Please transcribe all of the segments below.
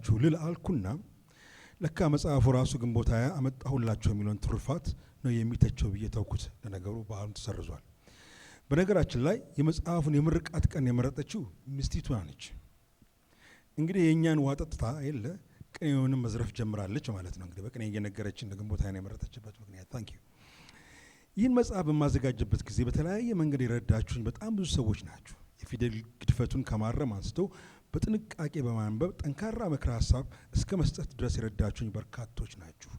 ልንገራችሁ ልል አልኩና ለካ መጽሐፉ ራሱ ግንቦት ሃያ አመጣሁላቸው የሚለውን ትሩፋት ነው የሚተቸው ብዬ ተውኩት። ለነገሩ ባህሉ ተሰርዟል። በነገራችን ላይ የመጽሐፉን የምርቃት ቀን የመረጠችው ሚስቲቱ ነች። እንግዲህ የእኛን ዋጠጥታ የለ ቅኔውንም መዝረፍ ጀምራለች ማለት ነው። እንግዲህ በቅኔ እየነገረችን ግንቦት ሃያን የመረጠችበት ምክንያት ታንኪ ይህን መጽሐፍ በማዘጋጀበት ጊዜ በተለያየ መንገድ የረዳችሁኝ በጣም ብዙ ሰዎች ናቸው። የፊደል ግድፈቱን ከማረም አንስቶ በጥንቃቄ በማንበብ ጠንካራ ምክረ ሀሳብ እስከ መስጠት ድረስ የረዳችሁኝ በርካቶች ናችሁ።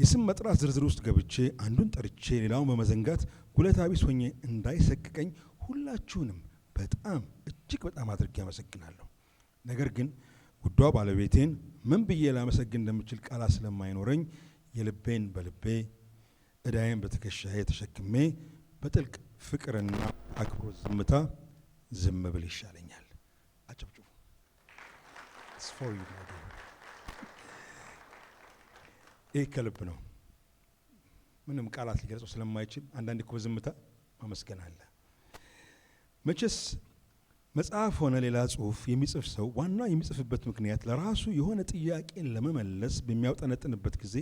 የስም መጥራት ዝርዝር ውስጥ ገብቼ አንዱን ጠርቼ ሌላውን በመዘንጋት ጉለታቢስ ሆኜ እንዳይሰቅቀኝ ሁላችሁንም በጣም እጅግ በጣም አድርጌ አመሰግናለሁ። ነገር ግን ውዷ ባለቤቴን ምን ብዬ ላመሰግን እንደምችል ቃላት ስለማይኖረኝ የልቤን በልቤ እዳዬን በትከሻዬ ተሸክሜ በጥልቅ ፍቅርና አክብሮት ዝምታ ዝም ብል ይሻለኛል። It's for you, my dear. ይህ ከልብ ነው። ምንም ቃላት ሊገልጸው ስለማይችል አንዳንድ እኮ በዝምታ ማመስገን አለ። መቼስ መጽሐፍ ሆነ ሌላ ጽሁፍ የሚጽፍ ሰው ዋናው የሚጽፍበት ምክንያት ለራሱ የሆነ ጥያቄን ለመመለስ በሚያውጠነጥንበት ጊዜ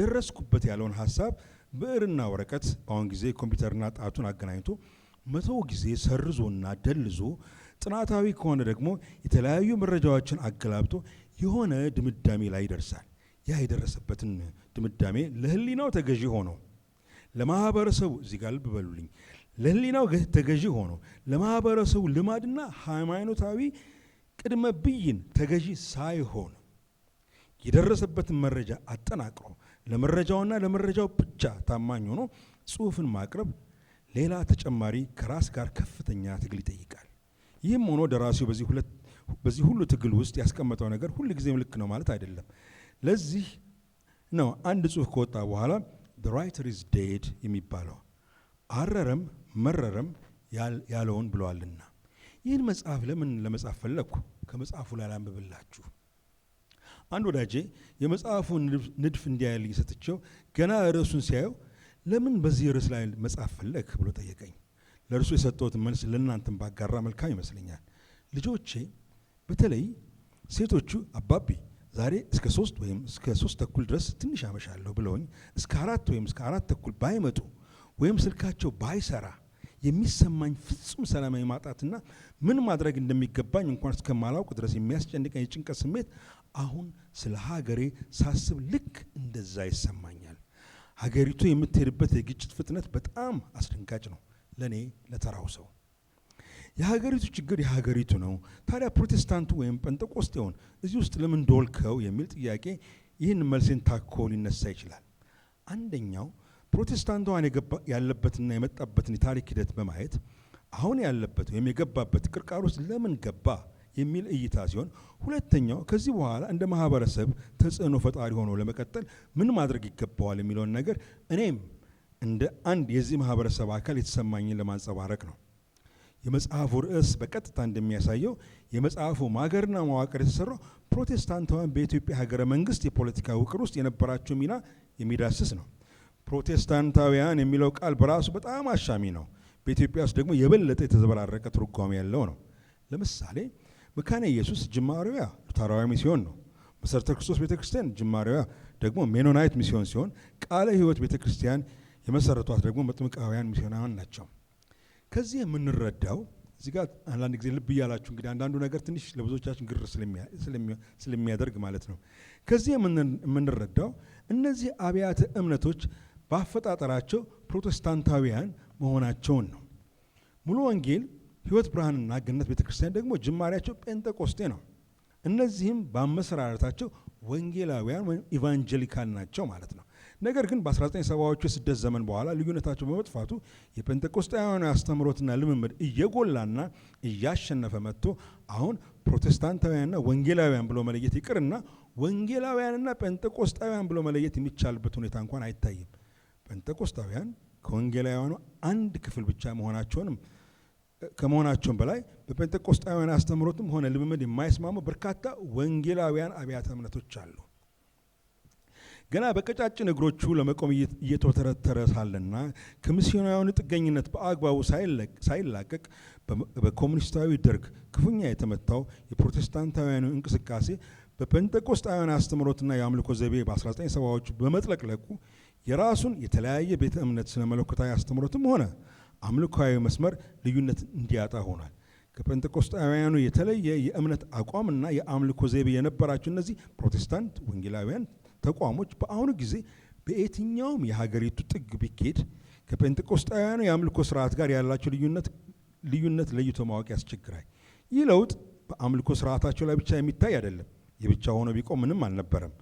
ደረስኩበት ያለውን ሀሳብ ብዕርና ወረቀት በአሁን ጊዜ ኮምፒውተርና ጣቱን አገናኝቶ መቶ ጊዜ ሰርዞና ደልዞ ጥናታዊ ከሆነ ደግሞ የተለያዩ መረጃዎችን አገላብጦ የሆነ ድምዳሜ ላይ ይደርሳል። ያ የደረሰበትን ድምዳሜ ለህሊናው ተገዢ ሆኖ ለማህበረሰቡ እዚህ ጋር ልብ በሉልኝ፣ ለህሊናው ተገዢ ሆኖ ለማህበረሰቡ ልማድና ሃይማኖታዊ ቅድመ ብይን ተገዢ ሳይሆን የደረሰበትን መረጃ አጠናቅሮ ለመረጃውና ለመረጃው ብቻ ታማኝ ሆኖ ጽሑፍን ማቅረብ ሌላ ተጨማሪ ከራስ ጋር ከፍተኛ ትግል ይጠይቃል። ይህም ሆኖ ደራሲው በዚህ ሁለት በዚህ ሁሉ ትግል ውስጥ ያስቀመጠው ነገር ሁል ጊዜም ልክ ነው ማለት አይደለም። ለዚህ ነው አንድ ጽሑፍ ከወጣ በኋላ the writer is dead የሚባለው አረረም መረረም ያለውን ብለዋልና። ይህን መጽሐፍ ለምን ለመጻፍ ፈለግኩ? ከመጽሐፉ ላይ ላንብብላችሁ። አንድ ወዳጄ የመጽሐፉን ንድፍ እንዲያይልኝ ሰጥቼው ገና ርዕሱን ሲያየው ለምን በዚህ ርዕስ ላይ መጽሐፍ ፈለግ ብሎ ጠየቀኝ። ለእርሱ የሰጠሁት መልስ ለእናንተን ባጋራ መልካም ይመስለኛል። ልጆቼ በተለይ ሴቶቹ አባቢ ዛሬ እስከ ሶስት ወይም እስከ ሶስት ተኩል ድረስ ትንሽ አመሻለሁ ብለውኝ እስከ አራት ወይም እስከ አራት ተኩል ባይመጡ ወይም ስልካቸው ባይሰራ የሚሰማኝ ፍጹም ሰላማዊ ማጣትና ምን ማድረግ እንደሚገባኝ እንኳን እስከማላውቅ ድረስ የሚያስጨንቀኝ የጭንቀት ስሜት አሁን ስለ ሀገሬ ሳስብ ልክ እንደዛ ይሰማኛል። ሀገሪቱ የምትሄድበት የግጭት ፍጥነት በጣም አስደንጋጭ ነው። ለእኔ ለተራው ሰው የሀገሪቱ ችግር የሀገሪቱ ነው። ታዲያ ፕሮቴስታንቱ ወይም ጴንጠቆስጤውን እዚህ ውስጥ ለምን ዶልከው የሚል ጥያቄ ይህን መልሴን ታኮ ሊነሳ ይችላል። አንደኛው ፕሮቴስታንቷን ያለበትና የመጣበትን የታሪክ ሂደት በማየት አሁን ያለበት ወይም የገባበት ቅርቃር ውስጥ ለምን ገባ የሚል እይታ ሲሆን፣ ሁለተኛው ከዚህ በኋላ እንደ ማህበረሰብ ተጽዕኖ ፈጣሪ ሆኖ ለመቀጠል ምን ማድረግ ይገባዋል የሚለውን ነገር እኔም እንደ አንድ የዚህ ማህበረሰብ አካል የተሰማኝን ለማንጸባረቅ ነው። የመጽሐፉ ርዕስ በቀጥታ እንደሚያሳየው የመጽሐፉ ማገርና መዋቅር የተሰራው ፕሮቴስታንታውያን በኢትዮጵያ ሀገረ መንግስት የፖለቲካ ውቅር ውስጥ የነበራቸው ሚና የሚዳስስ ነው። ፕሮቴስታንታውያን የሚለው ቃል በራሱ በጣም አሻሚ ነው። በኢትዮጵያ ውስጥ ደግሞ የበለጠ የተዘበራረቀ ትርጓሜ ያለው ነው። ለምሳሌ መካነ ኢየሱስ ጅማሬዋ ሉተራዊ ሚስዮን ነው። መሰረተ ክርስቶስ ቤተ ክርስቲያን ጅማሬዋ ደግሞ ሜኖናይት ሚስዮን ሲሆን ቃለ ሕይወት ቤተ ክርስቲያን የመሰረቷት ደግሞ መጥምቃውያን ሚስዮናውያን ናቸው። ከዚህ የምንረዳው እዚህ ጋር አንዳንድ ጊዜ ልብ እያላችሁ እንግዲህ አንዳንዱ ነገር ትንሽ ለብዙዎቻችን ግር ስለሚያደርግ ማለት ነው። ከዚህ የምንረዳው እነዚህ አብያተ እምነቶች በአፈጣጠራቸው ፕሮቴስታንታዊያን መሆናቸውን ነው። ሙሉ ወንጌል፣ ህይወት ብርሃንና ገነት ቤተ ክርስቲያን ደግሞ ጅማሬያቸው ጴንጠቆስቴ ነው። እነዚህም በአመሰራረታቸው ወንጌላውያን ወይም ኢቫንጀሊካል ናቸው ማለት ነው። ነገር ግን በ1970ዎቹ የስደት ዘመን በኋላ ልዩነታቸው በመጥፋቱ የጴንጤቆስጣውያኑ አስተምህሮትና ልምምድ እየጎላና እያሸነፈ መጥቶ አሁን ፕሮቴስታንታውያንና ወንጌላውያን ብሎ መለየት ይቅርና ወንጌላውያንና ጴንጤቆስጣውያን ብሎ መለየት የሚቻልበት ሁኔታ እንኳን አይታይም። ጴንጤቆስጣውያን ከወንጌላውያኑ አንድ ክፍል ብቻ መሆናቸውንም ከመሆናቸውም በላይ በጴንጤቆስጣውያን አስተምህሮትም ሆነ ልምምድ የማይስማሙ በርካታ ወንጌላውያን አብያተ እምነቶች አሉ። ገና በቀጫጭን እግሮቹ ለመቆም እየተወተረተረ ሳለና ከሚስዮናዊን ጥገኝነት በአግባቡ ሳይላቀቅ በኮሙኒስታዊ ደርግ ክፉኛ የተመታው የፕሮቴስታንታውያኑ እንቅስቃሴ በፔንጠቆስጣውያን አስተምሮትና የአምልኮ ዘይቤ በ1970ዎቹ በመጥለቅለቁ የራሱን የተለያየ ቤተ እምነት ስነ መለኮታዊ አስተምሮትም ሆነ አምልኮዊ መስመር ልዩነት እንዲያጣ ሆኗል። ከጴንጤቆስጣውያኑ የተለየ የእምነት አቋምና የአምልኮ ዘይቤ የነበራቸው እነዚህ ፕሮቴስታንት ወንጌላውያን ተቋሞች በአሁኑ ጊዜ በየትኛውም የሀገሪቱ ጥግ ቢኬድ ከጴንጤቆስጣውያኑ የአምልኮ ስርዓት ጋር ያላቸው ልዩነት ልዩነት ለይቶ ማወቅ ያስቸግራል። ይህ ለውጥ በአምልኮ ስርዓታቸው ላይ ብቻ የሚታይ አይደለም። የብቻ ሆኖ ቢቆም ምንም አልነበረም።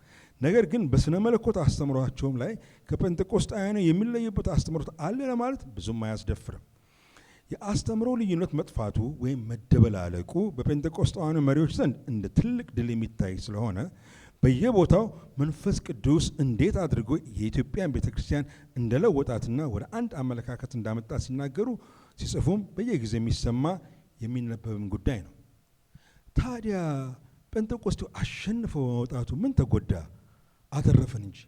ነገር ግን በስነ መለኮት አስተምሯቸውም ላይ ከጴንጤቆስጣውያኑ የሚለዩበት አስተምሮት አለ ለማለት ብዙም አያስደፍርም። የአስተምሮ ልዩነት መጥፋቱ ወይም መደበላለቁ በጴንጤቆስጣውያኑ መሪዎች ዘንድ እንደ ትልቅ ድል የሚታይ ስለሆነ በየቦታው መንፈስ ቅዱስ እንዴት አድርጎ የኢትዮጵያን ቤተ ክርስቲያን እንደለወጣትና ወደ አንድ አመለካከት እንዳመጣ ሲናገሩ ሲጽፉም በየጊዜ የሚሰማ የሚነበብም ጉዳይ ነው። ታዲያ ጴንጤቆስቴው አሸንፈው መውጣቱ ምን ተጎዳ? አተረፈን እንጂ።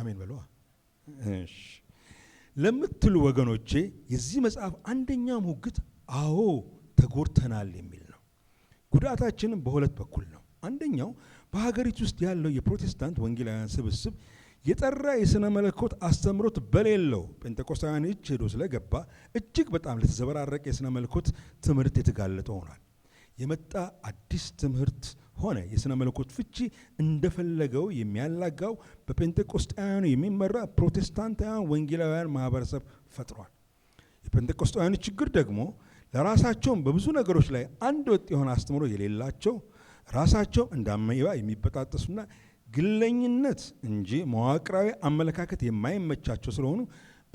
አሜን በለዋ ለምትሉ ወገኖቼ የዚህ መጽሐፍ አንደኛውም ሙግት አዎ ተጎድተናል የሚል ነው። ጉዳታችንም በሁለት በኩል ነው። አንደኛው በሀገሪቱ ውስጥ ያለው የፕሮቴስታንት ወንጌላውያን ስብስብ የጠራ የሥነ መለኮት አስተምሮት በሌለው ጴንጤቆስታውያን እጅ ሄዶ ስለገባ እጅግ በጣም ለተዘበራረቀ የሥነ መለኮት ትምህርት የተጋለጠ ሆኗል። የመጣ አዲስ ትምህርት ሆነ የሥነ መለኮት ፍቺ እንደፈለገው የሚያላጋው በጴንጤቆስጣውያኑ የሚመራ ፕሮቴስታንታውያን ወንጌላውያን ማህበረሰብ ፈጥሯል። የጴንጤቆስጣውያኑ ችግር ደግሞ ለራሳቸውም በብዙ ነገሮች ላይ አንድ ወጥ የሆነ አስተምሮ የሌላቸው ራሳቸው እንደ የሚበጣጠሱና ግለኝነት እንጂ መዋቅራዊ አመለካከት የማይመቻቸው ስለሆኑ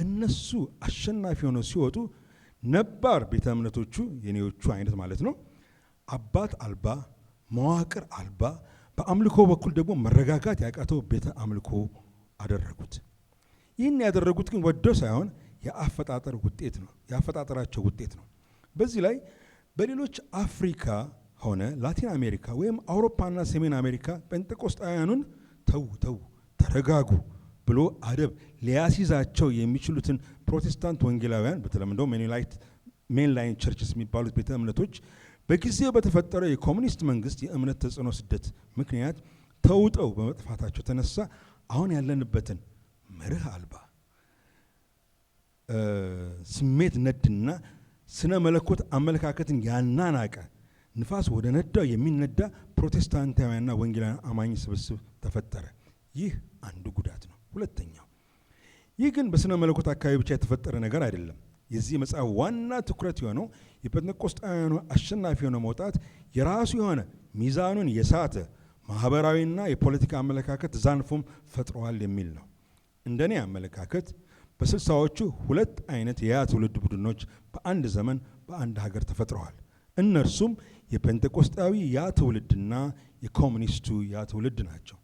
እነሱ አሸናፊ ሆነው ሲወጡ ነባር ቤተ እምነቶቹ የኔዎቹ አይነት ማለት ነው አባት አልባ መዋቅር አልባ በአምልኮ በኩል ደግሞ መረጋጋት ያቃተው ቤተ አምልኮ አደረጉት። ይህን ያደረጉት ግን ወደው ሳይሆን የአፈጣጠር ውጤት ነው፣ የአፈጣጠራቸው ውጤት ነው። በዚህ ላይ በሌሎች አፍሪካ ሆነ ላቲን አሜሪካ ወይም አውሮፓና ሰሜን አሜሪካ ጴንጤቆስጣውያኑን ተዉ ተዉ ተረጋጉ ብሎ አደብ ሊያስይዛቸው የሚችሉትን ፕሮቴስታንት ወንጌላውያን በተለምዶ ሜንላይን ቸርችስ የሚባሉት ቤተ እምነቶች በጊዜው በተፈጠረው የኮሚኒስት መንግስት የእምነት ተጽዕኖ ስደት ምክንያት ተውጠው በመጥፋታቸው ተነሳ አሁን ያለንበትን መርህ አልባ ስሜት ነድና ስነ መለኮት አመለካከትን ያናናቀ ንፋስ ወደ ነዳው የሚነዳ ፕሮቴስታንታውያንና ወንጌላን አማኝ ስብስብ ተፈጠረ። ይህ አንዱ ጉዳት ነው። ሁለተኛው ይህ ግን በስነ መለኮት አካባቢ ብቻ የተፈጠረ ነገር አይደለም። የዚህ መጽሐፍ ዋና ትኩረት የሆነው የጴንጤቆስጣውያኑ አሸናፊ የሆነ መውጣት የራሱ የሆነ ሚዛኑን የሳተ ማህበራዊና የፖለቲካ አመለካከት ዛንፎም ፈጥረዋል የሚል ነው። እንደኔ አመለካከት በስልሳዎቹ ሁለት አይነት የያ ትውልድ ቡድኖች በአንድ ዘመን በአንድ ሀገር ተፈጥረዋል። እነርሱም የፔንቴኮስታዊ ያ ትውልድና የኮሚኒስቱ ያ ትውልድ ናቸው።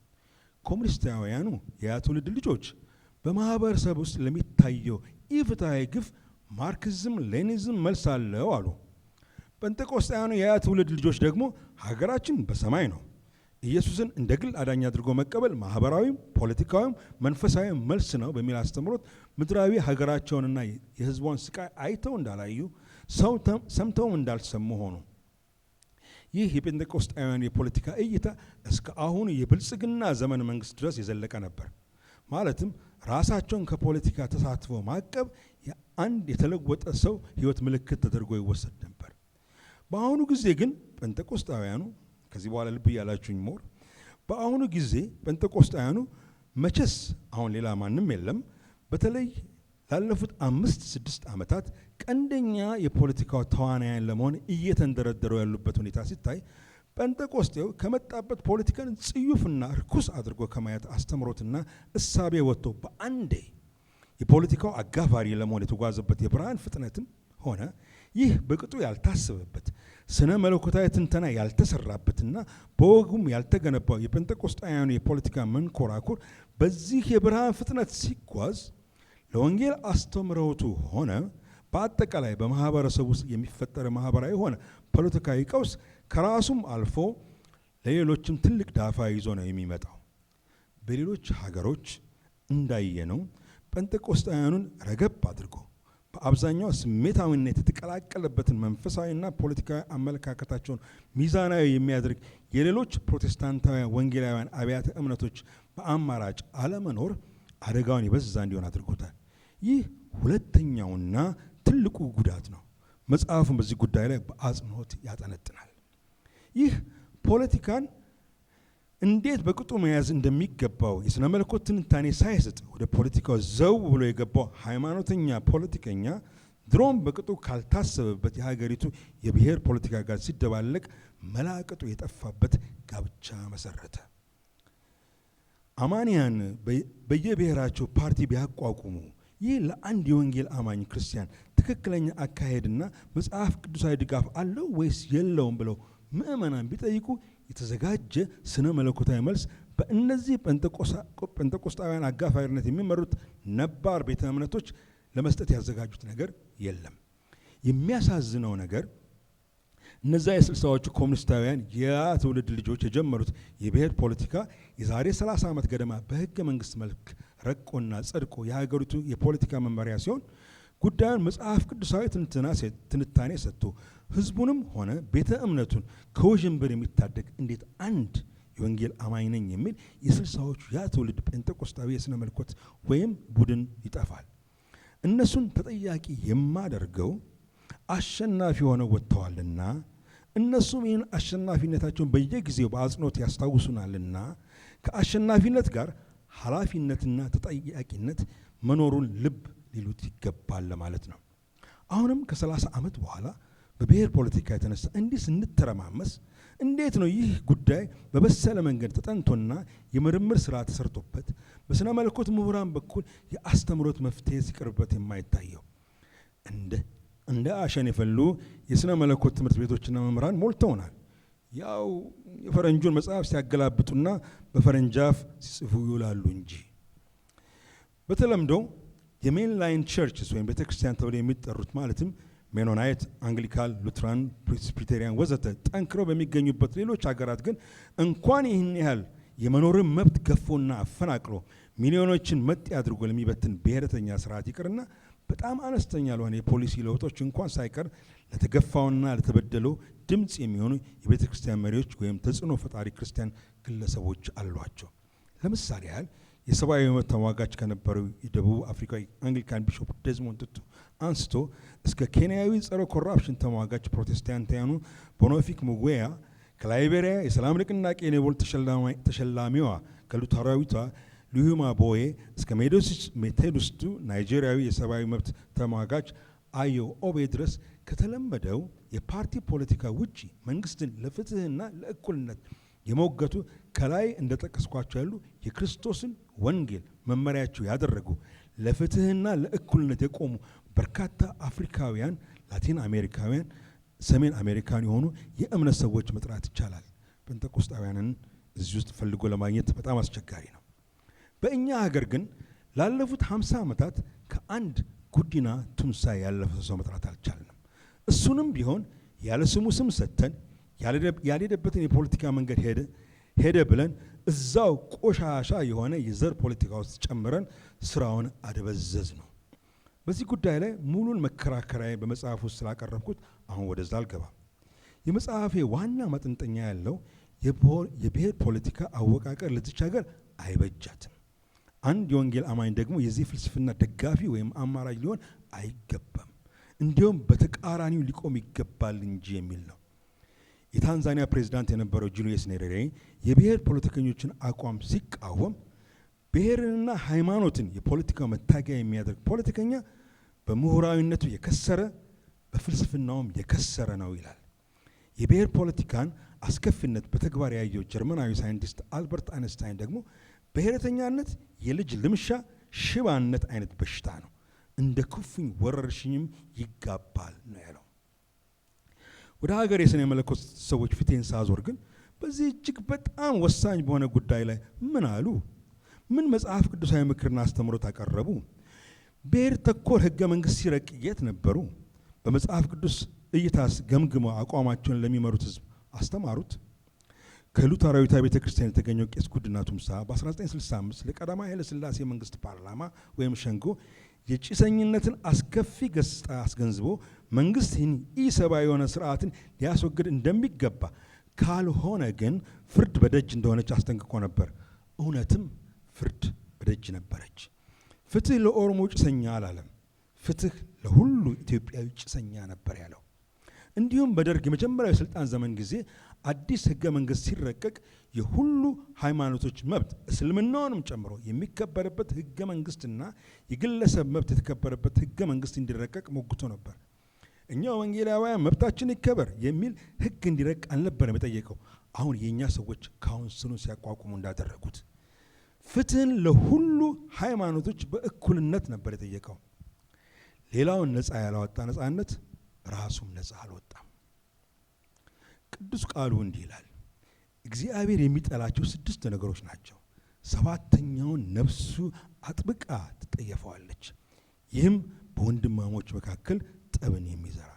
ኮሚኒስታውያኑ የያ ትውልድ ልጆች በማህበረሰብ ውስጥ ለሚታየው ኢፍትሐዊ ግፍ ማርክዝም ሌኒዝም መልስ አለው አሉ። ጴንጤቆስጣውያኑ የያ ትውልድ ልጆች ደግሞ ሀገራችን በሰማይ ነው፣ ኢየሱስን እንደ ግል አዳኝ አድርጎ መቀበል ማህበራዊም ፖለቲካዊም መንፈሳዊም መልስ ነው በሚል አስተምሮት ምድራዊ ሀገራቸውንና የህዝቧን ስቃይ አይተው እንዳላዩ ሰው ሰምተውም እንዳልሰሙ ሆኑ። ይህ የጴንጤቆስጣውያን የፖለቲካ እይታ እስከ አሁኑ የብልጽግና ዘመን መንግስት ድረስ የዘለቀ ነበር። ማለትም ራሳቸውን ከፖለቲካ ተሳትፎ ማቀብ የአንድ የተለወጠ ሰው ህይወት ምልክት ተደርጎ ይወሰድ ነበር። በአሁኑ ጊዜ ግን ጴንጤቆስጣውያኑ ከዚህ በኋላ ልብ እያላችሁኝ ሞር በአሁኑ ጊዜ ጴንጤቆስጣውያኑ መቼስ አሁን ሌላ ማንም የለም በተለይ ላለፉት አምስት ስድስት ዓመታት ቀንደኛ የፖለቲካ ተዋናያን ለመሆን እየተንደረደረው ያሉበት ሁኔታ ሲታይ ጴንጠቆስጤው ከመጣበት ፖለቲካን ጽዩፍና ርኩስ አድርጎ ከማየት አስተምሮትና እሳቤ ወጥቶ በአንዴ የፖለቲካው አጋፋሪ ለመሆን የተጓዘበት የብርሃን ፍጥነትም ሆነ ይህ በቅጡ ያልታሰበበት ስነ መለኮታዊ ትንተና ያልተሰራበትና በወጉም ያልተገነባው የጴንጤቆስጣውያኑ የፖለቲካ መንኮራኩር በዚህ የብርሃን ፍጥነት ሲጓዝ ለወንጌል አስተምህሮቱ ሆነ በአጠቃላይ በማህበረሰብ ውስጥ የሚፈጠረ ማህበራዊ ሆነ ፖለቲካዊ ቀውስ ከራሱም አልፎ ለሌሎችም ትልቅ ዳፋ ይዞ ነው የሚመጣው። በሌሎች ሀገሮች እንዳየነው ጴንጤቆስጣውያኑን ረገብ አድርጎ በአብዛኛው ስሜታዊነት የተቀላቀለበትን መንፈሳዊና ፖለቲካዊ አመለካከታቸውን ሚዛናዊ የሚያደርግ የሌሎች ፕሮቴስታንታውያን ወንጌላውያን አብያተ እምነቶች በአማራጭ አለመኖር አደጋውን የበዛ እንዲሆን አድርጎታል። ይህ ሁለተኛውና ትልቁ ጉዳት ነው። መጽሐፉን በዚህ ጉዳይ ላይ በአጽንኦት ያጠነጥናል። ይህ ፖለቲካን እንዴት በቅጡ መያዝ እንደሚገባው የሥነ መለኮት ትንታኔ ሳይሰጥ ወደ ፖለቲካው ዘው ብሎ የገባው ሃይማኖተኛ ፖለቲከኛ ድሮም በቅጡ ካልታሰበበት የሀገሪቱ የብሔር ፖለቲካ ጋር ሲደባለቅ መላቅጡ የጠፋበት ጋብቻ መሰረተ። አማንያን በየብሔራቸው ፓርቲ ቢያቋቁሙ ይህ ለአንድ የወንጌል አማኝ ክርስቲያን ትክክለኛ አካሄድና መጽሐፍ ቅዱሳዊ ድጋፍ አለው ወይስ የለውም ብለው ምዕመናን ቢጠይቁ የተዘጋጀ ስነ መለኮታዊ መልስ በእነዚህ ጴንጠቆስጣውያን አጋፋሪነት የሚመሩት ነባር ቤተ እምነቶች ለመስጠት ያዘጋጁት ነገር የለም። የሚያሳዝነው ነገር እነዚያ የስልሳዎቹ ኮሚኒስታውያን ያ ትውልድ ልጆች የጀመሩት የብሔር ፖለቲካ የዛሬ 30 ዓመት ገደማ በህገ መንግስት መልክ ረቆና ጸድቆ የሀገሪቱ የፖለቲካ መመሪያ ሲሆን ጉዳዩን መጽሐፍ ቅዱሳዊ ትንታኔ ሰጥቶ ህዝቡንም ሆነ ቤተ እምነቱን ከውዥንብር የሚታደግ እንዴት አንድ የወንጌል አማኝ ነኝ የሚል የስልሳዎቹ ያ ትውልድ ጴንጤቆስታዊ የሥነ መልኮት ወይም ቡድን ይጠፋል። እነሱን ተጠያቂ የማደርገው አሸናፊ ሆነው ወጥተዋልና እነሱም ይህን አሸናፊነታቸውን በየጊዜው በአጽንኦት ያስታውሱናልና ከአሸናፊነት ጋር ኃላፊነትና ተጠያቂነት መኖሩን ልብ ሊሉት ይገባል ለማለት ነው። አሁንም ከሰላሳ ዓመት በኋላ በብሔር ፖለቲካ የተነሳ እንዲህ ስንተረማመስ እንዴት ነው ይህ ጉዳይ በበሰለ መንገድ ተጠንቶና የምርምር ስራ ተሰርቶበት በስነ መለኮት ምሁራን በኩል የአስተምሮት መፍትሄ ሲቀርብበት የማይታየው? እንደ አሸን የፈሉ የስነ መለኮት ትምህርት ቤቶችና መምህራን ሞልተውናል። ያው የፈረንጁን መጽሐፍ ሲያገላብጡና በፈረንጃፍ ሲጽፉ ይውላሉ እንጂ በተለምዶ የሜን ላይን ቸርችስ ወይም ቤተክርስቲያን ተብሎ የሚጠሩት ማለትም ሜኖናይት፣ አንግሊካል፣ ሉትራን፣ ፕሬስቢቴሪያን ወዘተ ጠንክረው በሚገኙበት ሌሎች ሀገራት ግን እንኳን ይህን ያህል የመኖርን መብት ገፎና አፈናቅሎ ሚሊዮኖችን መጤ አድርጎ ለሚበትን ብሔረተኛ ስርዓት ይቅርና በጣም አነስተኛ ለሆነ የፖሊሲ ለውጦች እንኳን ሳይቀር ለተገፋውና ለተበደለው ድምፅ የሚሆኑ የቤተ ክርስቲያን መሪዎች ወይም ተጽዕኖ ፈጣሪ ክርስቲያን ግለሰቦች አሏቸው። ለምሳሌ ያህል የሰብአዊ መብት ተሟጋች ከነበረው የደቡብ አፍሪካዊ አንግሊካን ቢሾፕ ዴዝሞንድ ቱቱ አንስቶ እስከ ኬንያዊ ጸረ ኮራፕሽን ተሟጋች ፕሮቴስታንታያኑ ቦኖፊክ ሙጉያ ከላይቤሪያ የሰላም ንቅናቄ ኖቤል ተሸላሚዋ ከሉተራዊቷ ልዩ ቦዬ እስከ ሜቴሊስቱ ናይጄሪያዊ የሰብአዊ መብት ተሟጋች አዮ ኦቤ ድረስ ከተለመደው የፓርቲ ፖለቲካ ውጪ መንግስትን ለፍትህና ለእኩልነት የሞገቱ ከላይ እንደጠቀስኳቸው ያሉ የክርስቶስን ወንጌል መመሪያቸው ያደረጉ ለፍትህና ለእኩልነት የቆሙ በርካታ አፍሪካውያን፣ ላቲን አሜሪካውያን፣ ሰሜን አሜሪካን የሆኑ የእምነት ሰዎች መጥራት ይቻላል። ጴንጠቆስጣውያንን እዚህ ውስጥ ፈልጎ ለማግኘት በጣም አስቸጋሪ ነው። በእኛ ሀገር ግን ላለፉት 50 ዓመታት ከአንድ ጉዲና ቱምሳ ያለፈ ሰው መጥራት አልቻልንም። እሱንም ቢሆን ያለ ስሙ ስም ሰጥተን ያልሄደበትን የፖለቲካ መንገድ ሄደ ሄደ ብለን እዛው ቆሻሻ የሆነ የዘር ፖለቲካ ውስጥ ጨምረን ስራውን አደበዘዝ ነው። በዚህ ጉዳይ ላይ ሙሉን መከራከሪያ በመጽሐፍ ውስጥ ስላቀረብኩት አሁን ወደዛ አልገባም። የመጽሐፌ ዋና ማጠንጠኛ ያለው የብሔር ፖለቲካ አወቃቀር ለዚች ሀገር አይበጃትም። አንድ የወንጌል አማኝ ደግሞ የዚህ ፍልስፍና ደጋፊ ወይም አማራጅ ሊሆን አይገባም፣ እንዲሁም በተቃራኒው ሊቆም ይገባል እንጂ የሚል ነው። የታንዛኒያ ፕሬዚዳንት የነበረው ጁሊየስ ኔሬሬ የብሔር ፖለቲከኞችን አቋም ሲቃወም ብሔርንና ሃይማኖትን የፖለቲካ መታገያ የሚያደርግ ፖለቲከኛ በምሁራዊነቱ የከሰረ በፍልስፍናውም የከሰረ ነው ይላል። የብሔር ፖለቲካን አስከፊነት በተግባር ያየው ጀርመናዊ ሳይንቲስት አልበርት አይንስታይን ደግሞ ብሔረተኛነት የልጅ ልምሻ ሽባነት አይነት በሽታ ነው፣ እንደ ክፉኝ ወረርሽኝም ይጋባል ነው ያለው። ወደ ሀገር የስነ መለኮት ሰዎች ፊቴን ሳዞር ግን በዚህ እጅግ በጣም ወሳኝ በሆነ ጉዳይ ላይ ምን አሉ? ምን መጽሐፍ ቅዱሳዊ ምክርና አስተምሮት አቀረቡ? ብሔር ተኮር ህገ መንግስት ሲረቅ የት ነበሩ? በመጽሐፍ ቅዱስ እይታስ ገምግመው አቋማቸውን ለሚመሩት ህዝብ አስተማሩት? ከሉተራዊቷ ቤተ ክርስቲያን የተገኘው ቄስ ጉዲና ቱምሳ በ1965 ለቀዳማዊ ኃይለሥላሴ መንግስት ፓርላማ ወይም ሸንጎ የጭሰኝነትን አስከፊ ገጽታ አስገንዝቦ መንግስት ይህን ኢሰብአዊ የሆነ ስርዓትን ሊያስወግድ እንደሚገባ ካልሆነ ግን ፍርድ በደጅ እንደሆነች አስጠንቅቆ ነበር። እውነትም ፍርድ በደጅ ነበረች። ፍትህ ለኦሮሞ ጭሰኛ አላለም። ፍትህ ለሁሉ ኢትዮጵያዊ ጭሰኛ ነበር ያለው። እንዲሁም በደርግ የመጀመሪያው የስልጣን ዘመን ጊዜ አዲስ ህገ መንግስት ሲረቀቅ የሁሉ ሃይማኖቶች መብት እስልምናውንም ጨምሮ የሚከበርበት ህገ መንግስትና የግለሰብ መብት የተከበረበት ህገ መንግስት እንዲረቀቅ ሞግቶ ነበር። እኛ ወንጌላውያን መብታችን ይከበር የሚል ህግ እንዲረቅ አልነበረም የጠየቀው። አሁን የእኛ ሰዎች ካውንስሉን ሲያቋቁሙ እንዳደረጉት ፍትህን ለሁሉ ሃይማኖቶች በእኩልነት ነበር የጠየቀው። ሌላውን ነፃ ያላወጣ ነፃነት ራሱም ነፃ አልወጣም። ቅዱስ ቃሉ እንዲህ ይላል፣ እግዚአብሔር የሚጠላቸው ስድስት ነገሮች ናቸው። ሰባተኛውን ነፍሱ አጥብቃ ትጠየፈዋለች። ይህም በወንድማሞች መካከል ጠብን የሚዘራ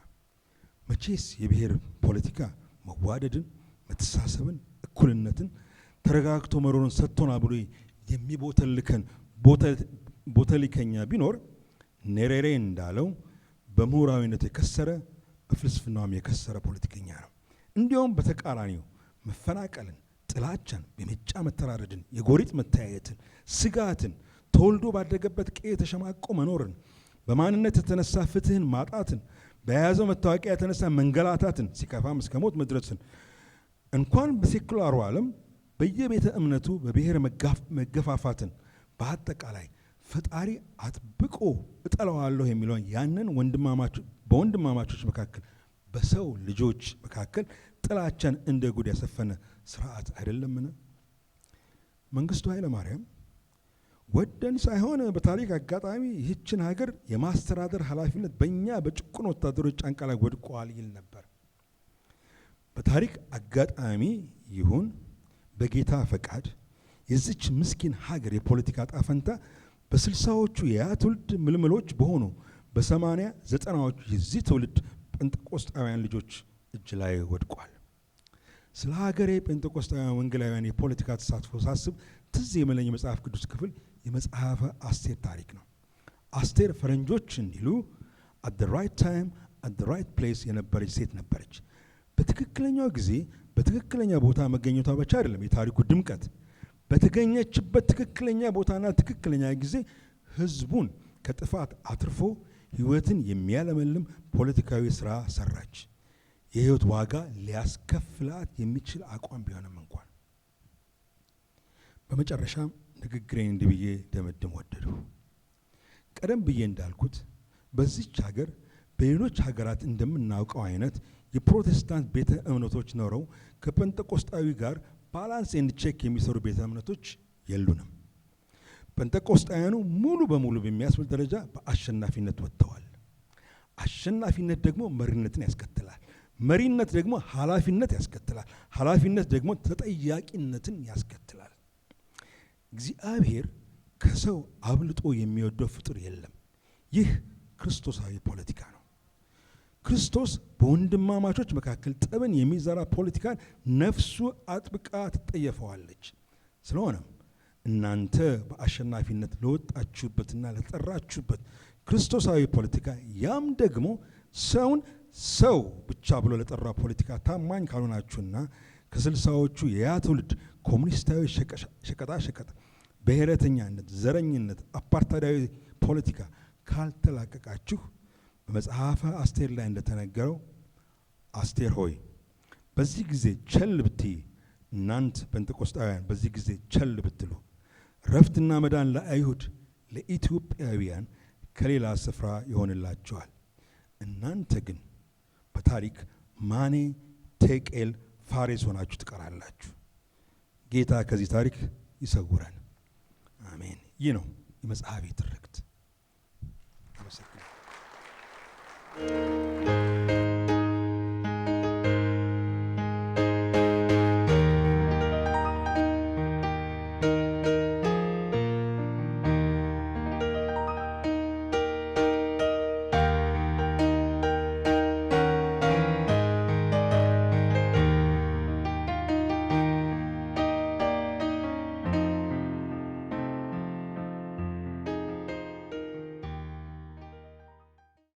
መቼስ የብሔር ፖለቲካ መዋደድን፣ መተሳሰብን፣ እኩልነትን፣ ተረጋግቶ መሮርን ሰጥቶና ብሎ የሚቦተልከን ቦተሊከኛ ቢኖር ኔሬሬ እንዳለው በምሁራዊነቱ የከሰረ በፍልስፍናውም የከሰረ ፖለቲከኛ ነው። እንዲሁም በተቃራኒው መፈናቀልን፣ ጥላቻን፣ የመጫ መተራረድን፣ የጎሪጥ መተያየትን፣ ስጋትን፣ ተወልዶ ባደገበት ቀዬ ተሸማቆ መኖርን፣ በማንነት የተነሳ ፍትህን ማጣትን፣ በያዘው መታወቂያ የተነሳ መንገላታትን፣ ሲከፋም እስከ ሞት መድረስን እንኳን በሴኩላሩ ዓለም በየቤተ እምነቱ በብሔር መገፋፋትን በአጠቃላይ ፈጣሪ አጥብቆ እጠለዋለሁ የሚለውን ያንን በወንድማማቾች መካከል በሰው ልጆች መካከል ጥላቻን እንደ ጉድ ያሰፈነ ስርዓት አይደለምን? መንግስቱ ኃይለ ማርያም ወደን ሳይሆን በታሪክ አጋጣሚ ይህችን ሀገር የማስተዳደር ኃላፊነት በእኛ በጭቁን ወታደሮች ጫንቃ ላይ ወድቋል ይል ነበር። በታሪክ አጋጣሚ ይሁን በጌታ ፈቃድ የዚች ምስኪን ሀገር የፖለቲካ ጣፈንታ በስልሳዎቹ የያ ትውልድ ምልምሎች በሆኑ በሰማንያ ዘጠናዎቹ የዚህ ትውልድ ጴንጠቆስጣውያን ልጆች እጅ ላይ ወድቋል። ስለ ሀገሬ ጴንጤቆስጣውያን ወንጌላውያን የፖለቲካ ተሳትፎ ሳስብ ትዝ የመለኝ መጽሐፍ ቅዱስ ክፍል የመጽሐፈ አስቴር ታሪክ ነው። አስቴር ፈረንጆች እንዲሉ አት ራይት ታይም አት ራይት ፕሌስ የነበረች ሴት ነበረች። በትክክለኛው ጊዜ በትክክለኛ ቦታ መገኘቷ ብቻ አይደለም የታሪኩ ድምቀት፣ በተገኘችበት ትክክለኛ ቦታና ትክክለኛ ጊዜ ህዝቡን ከጥፋት አትርፎ ህይወትን የሚያለመልም ፖለቲካዊ ስራ ሰራች። የህይወት ዋጋ ሊያስከፍላት የሚችል አቋም ቢሆንም እንኳን በመጨረሻም ንግግሬን እንዲህ ብዬ ደመድም ወደዱ። ቀደም ብዬ እንዳልኩት በዚች ሀገር በሌሎች ሀገራት እንደምናውቀው አይነት የፕሮቴስታንት ቤተ እምነቶች ኖረው ከጴንጠቆስጣዊ ጋር ባላንስ ኤንድ ቼክ የሚሰሩ ቤተ እምነቶች የሉንም። ጴንጠቆስጣውያኑ ሙሉ በሙሉ በሚያስብል ደረጃ በአሸናፊነት ወጥተዋል። አሸናፊነት ደግሞ መሪነትን ያስከትላል። መሪነት ደግሞ ኃላፊነት ያስከትላል። ኃላፊነት ደግሞ ተጠያቂነትን ያስከትላል። እግዚአብሔር ከሰው አብልጦ የሚወደው ፍጡር የለም። ይህ ክርስቶሳዊ ፖለቲካ ነው። ክርስቶስ በወንድማማቾች መካከል ጠብን የሚዘራ ፖለቲካን ነፍሱ አጥብቃ ትጠየፈዋለች። ስለሆነም እናንተ በአሸናፊነት ለወጣችሁበትና ለጠራችሁበት ክርስቶሳዊ ፖለቲካ ያም ደግሞ ሰውን ሰው ብቻ ብሎ ለጠራ ፖለቲካ ታማኝ ካልሆናችሁና ከስልሳዎቹ የያ ትውልድ ኮሙኒስታዊ ሸቀጣ ሸቀጥ፣ ብሔረተኛነት፣ ዘረኝነት፣ አፓርታዳዊ ፖለቲካ ካልተላቀቃችሁ በመጽሐፈ አስቴር ላይ እንደተነገረው አስቴር ሆይ በዚህ ጊዜ ቸል ብትይ፣ እናንት ጴንጤቆስጣውያን በዚህ ጊዜ ቸል ብትሉ ረፍትና መዳን ለአይሁድ ለኢትዮጵያውያን ከሌላ ስፍራ ይሆንላችኋል። እናንተ ግን በታሪክ ማኔ ቴቄል ፋሬስ ሆናችሁ ትቀራላችሁ። ጌታ ከዚህ ታሪክ ይሰውረን። አሜን። ይህ ነው የመጽሐፌ ትርክት። አመሰግናለሁ።